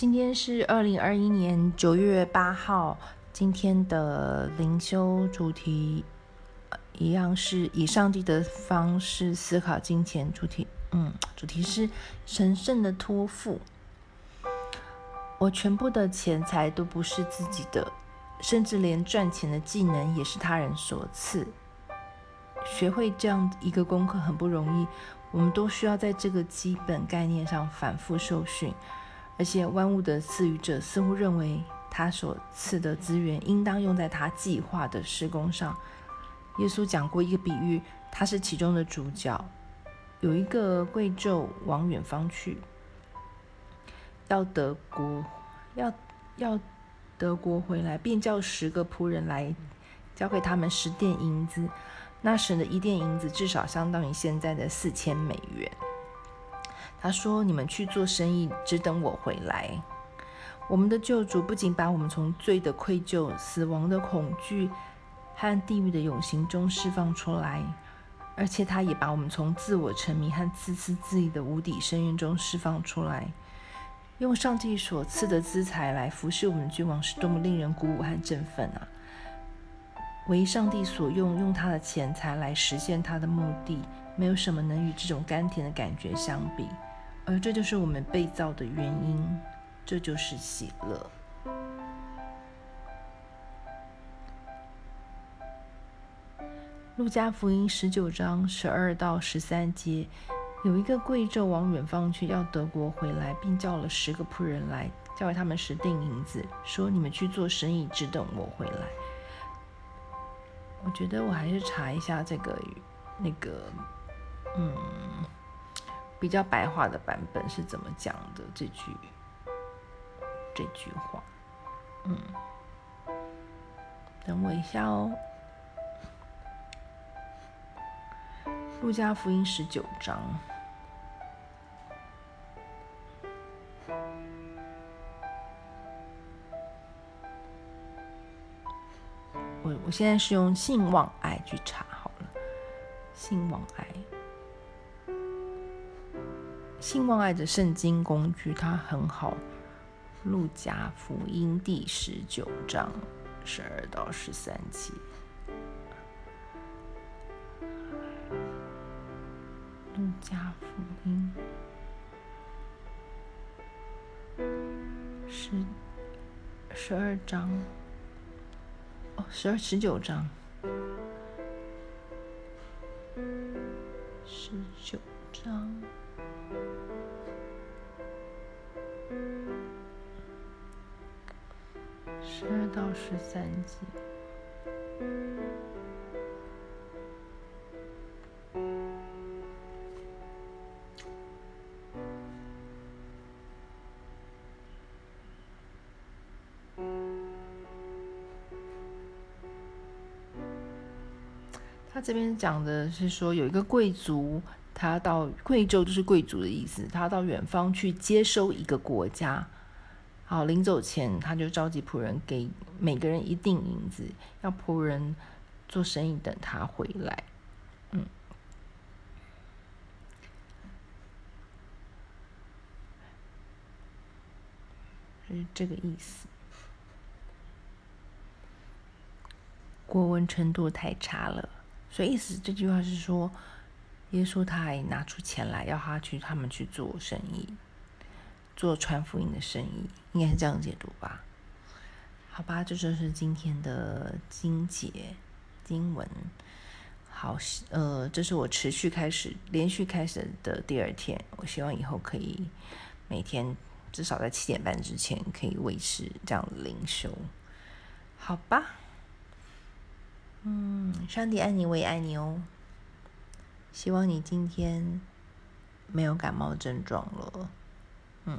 今天是二零二一年九月八號。今天的靈修主題，啊，一樣是以上帝的方式思考金錢。主題，嗯，主題是神聖的托付。我全部的錢財都不是自己的，甚至連賺錢的技能也是他人所賜。學會這樣一個功課很不容易，我們都需要在這個基本概念上反覆受訓。而且，萬物的賜予者似乎認為，他所賜的資源應當用在他計劃的事工上。耶穌講過一個比喻，他是其中的主角。有一個貴冑往遠方去，到得國，要要得國回來，便叫十個僕人來，交給他們十錠銀子。那時的一錠銀子至少相當於現在的四千美元。他說：“你們去做生意，直等我回來。我們的救主不僅把我們從罪的愧疚、死亡的恐懼和地獄的永刑中釋放出來，而且他也把我們從自我沉迷和刺刺自私自利的無底深淵中釋放出來。用上帝所賜的資財來服侍我們的君王，是多麼令人鼓舞和振奮啊！為上帝所用，用他的錢財來實現他的目的，沒有什麼能與這種甘甜的感覺相比。”這就是我們被造的原因，這就是喜樂。路加福音十九章十二到十三節，有一個貴胄往遠方去，要得國回來，并叫了十個僕人來，交給他們十錠銀子，說：“你們去做生意，直等我回來。”我覺得我還是查一下這個那個，嗯。比較白話的版本是怎麼講的？這句這句話，嗯，等我一下哦，《路加福音》十九章，我我現在是用信望愛去查好了，信望愛。信望愛的聖經工具，它很好。路加福音第十九章十二到十三節。路加福音十十二章哦，十二十九章，十九章。19章十二到十三節。他這邊講的是說，有一個貴族，他到貴胄，就是貴族的意思，他到遠方去接收一個國家。好，臨走前他就召集僕人，給每個人一錠銀子，要僕人做生意等他回來。嗯，就是這個意思。國文程度太差了，所以意思這句話是說，耶穌他還拿出錢來要他去他們去做生意。做傳福音的生意，應該是這樣解讀吧？好吧，這就是今天的經節經文。好，呃，這是我持續開始連續開始的第二天。我希望以後可以每天至少在七點半之前可以維持這樣的靈修，好吧？嗯，上帝愛你，我也愛你哦。希望你今天沒有感冒症狀了。嗯。